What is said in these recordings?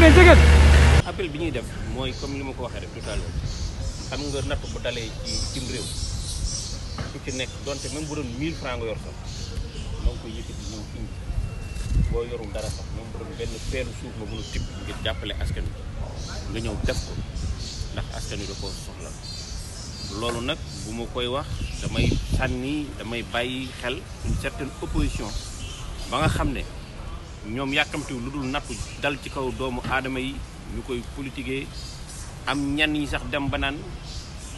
mais dëgg appel bi ñuy def mooy comme li ma ko waxee rek tout à xam nga natt bu dalee ci cim réew ci nekk donte même bu doon 1000 francs nga yor sax moo ngi koy yëkkati ñëw indi boo yorul dara sax même bu doon benn peelu suuf nga mën a tibb ngir jàppale askan nga ñëw def ko ndax askan wi da soxla loolu nag bu ma koy wax damay sànni damay bàyyi xel une certaine opposition ba nga xam ne. ñoom yàkkamtiw lu dul nattu dal ci kaw doomu aadama yi ñu koy politiquer am ñenn ñi sax dem ba naan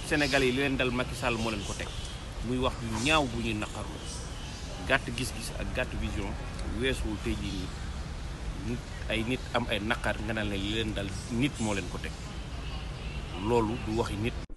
Sénégalais yi li leen dal Macky Sall moo leen ko teg muy wax bu ñaaw bu ñuy naqarlu gàtt gis-gis ak gàtt vision weesuwul tey jii nit ay nit am ay naqar nga naan li leen dal nit moo leen ko teg loolu du waxi nit.